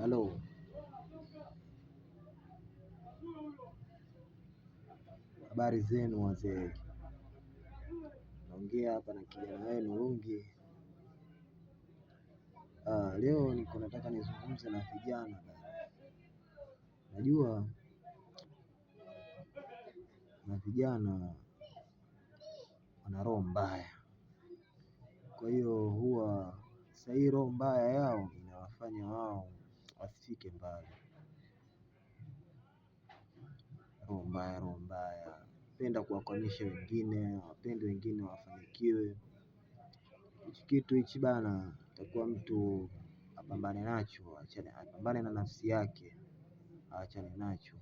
halo habari zenu wazee naongea hapa na kijana wenu Lungi ah, leo niko nataka nizungumze na vijana najua na vijana wana roho mbaya kwa hiyo huwa sahii roho mbaya yao inawafanya wao asifike mbali. Roho mbaya, roho mbaya, penda kuwakwamisha wengine, wapende wengine wafanikiwe. Hichi kitu hichi bana, takuwa mtu apambane nacho, apambane na nafsi yake, aachane nacho,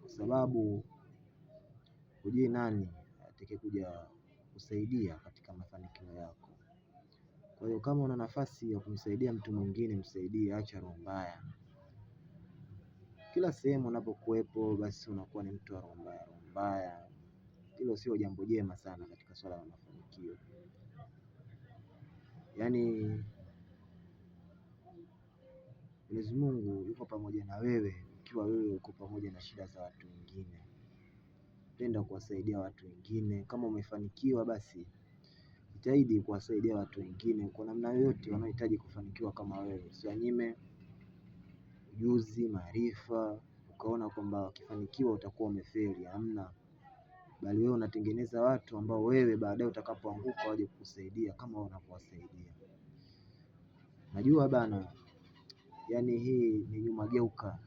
kwa sababu hujui nani atakayekuja kusaidia katika mafanikio yako. Kwa hiyo kama una nafasi ya kumsaidia mtu mwingine, msaidie, acha roho mbaya. Kila sehemu unapokuwepo, basi unakuwa ni mtu wa roho mbaya roho mbaya. Hilo sio jambo jema sana katika swala la mafanikio. Yaani Mwenyezi Mungu yuko pamoja na wewe ukiwa wewe uko pamoja na shida za watu wengine. Penda kuwasaidia watu wengine, kama umefanikiwa basi jitahidi kuwasaidia watu wengine kwa namna yoyote wanaohitaji kufanikiwa kama wewe. Usiwanyime ujuzi, maarifa, ukaona kwamba wakifanikiwa utakuwa umefeli. Hamna, bali wewe unatengeneza watu ambao wewe baadaye utakapoanguka waje kukusaidia kama wanavyowasaidia. Najua bana, yani hii ni nyuma geuka,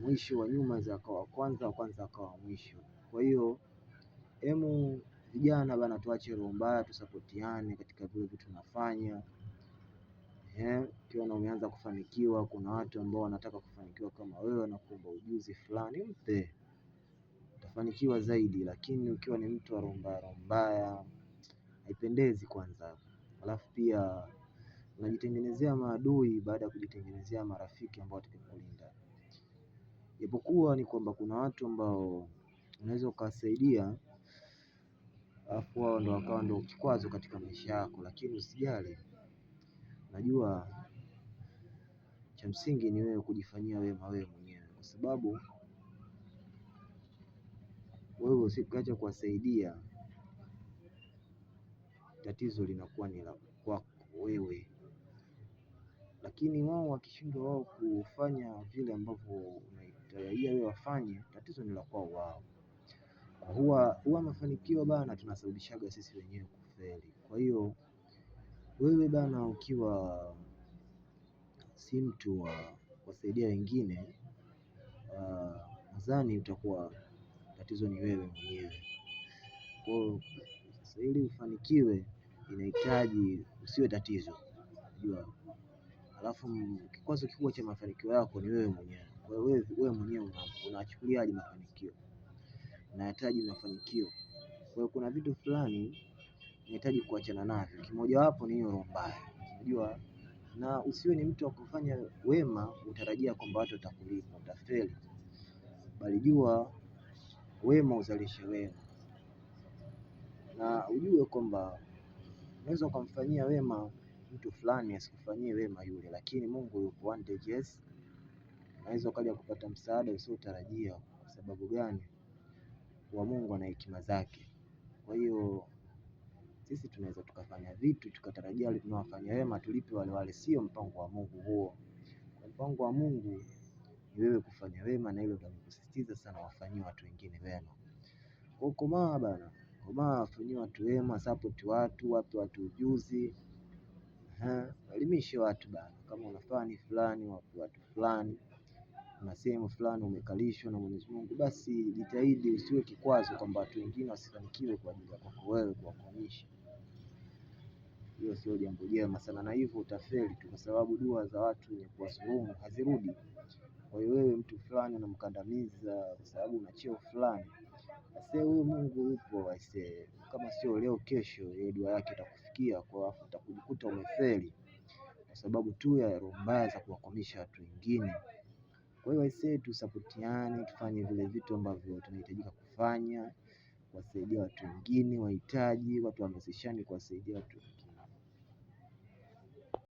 mwisho wa nyuma za akawa kwanza, kwanza akawa mwisho. Kwa hiyo hemu Vijana bana, tuache roho mbaya, tusapotiane katika vile vitu tunafanya. Eh, ukiona umeanza kufanikiwa, kuna watu ambao wanataka kufanikiwa kama wewe na kuomba ujuzi fulani, mpe utafanikiwa zaidi. Lakini ukiwa ni mtu wa roho mbaya roho mbaya, haipendezi kwanza, alafu pia unajitengenezea maadui baada ya kujitengenezea marafiki ambao watakulinda. Japokuwa ni kwamba kuna watu ambao unaweza ukawasaidia alafu wao ndo wakawa ndo kikwazo katika maisha yako, lakini usijali, najua cha msingi ni wewe kujifanyia wema wewe mwenyewe, kwa sababu wewe usikacha kuwasaidia, tatizo linakuwa ni la kwako wewe. Lakini wao wakishindwa wao kufanya vile ambavyo unaitarajia wewe wafanye, tatizo ni la kwao wao huwa huwa mafanikio bana tunasababishaga sisi wenyewe kufeli. Kwa hiyo wewe bana, ukiwa si mtu wa kuwasaidia wengine, ah, nadhani utakuwa tatizo ni wewe mwenyewe. Kwa hiyo sasa, ili ufanikiwe inahitaji usiwe tatizo, unajua. Alafu kikwazo kikubwa cha mafanikio yako ni wewe mwenyewe. Kwa hiyo wewe mwenyewe unachukuliaje mafanikio? nahitaji mafanikio. Kwa hiyo kuna vitu fulani nahitaji kuachana navyo. Kimojawapo ni hiyo roho mbaya. Unajua na usiwe ni mtu wa kufanya wema utarajia kwamba watu watakulipa utafeli. Bali jua wema uzalishe wema. Na ujue kwamba unaweza ukamfanyia wema mtu fulani asikufanyie wema yule. Lakini Mungu yuko one day yes. Unaweza ukaja kupata msaada usiotarajia. Kwa sababu gani? wa Mungu ana hekima zake. Kwa hiyo sisi tunaweza tukafanya vitu tukatarajia wale tunawafanya wema tulipe wale wale, sio mpango wa Mungu huo. Kwa mpango wa Mungu ni wewe kufanya wema, na hilo tunasisitiza sana, wafanyie watu wengine wema. Kwa komaa bana, komaa, wafanyie watu wema, support watu, wape watu ujuzi, elimishe watu bana, kama unafani fulani wape watu fulani una sehemu fulani umekalishwa na Mwenyezi Mungu, basi jitahidi usiwe kikwazo kwamba watu wengine wasifanikiwe kwa ajili ya kwako wewe kuwakwamisha. Hiyo sio jambo jema sana, na hivyo utafeli tu, kwa sababu dua za watu wenye kuwadhulumu hazirudi. Kwa hiyo wewe mtu fulani unamkandamiza kwa sababu una cheo fulani, aisee, huyo Mungu yupo aise, kama sio leo kesho, hiyo dua yake itakufikia kwa, alafu utakujikuta umefeli kwa sababu tu ya roho mbaya za kuwakwamisha watu wengine. Kwa hiyo waisee, tusapotiane, tufanye vile vitu ambavyo tunahitajika kufanya, kuwasaidia watu wengine wahitaji, watu hamasishane kuwasaidia watu.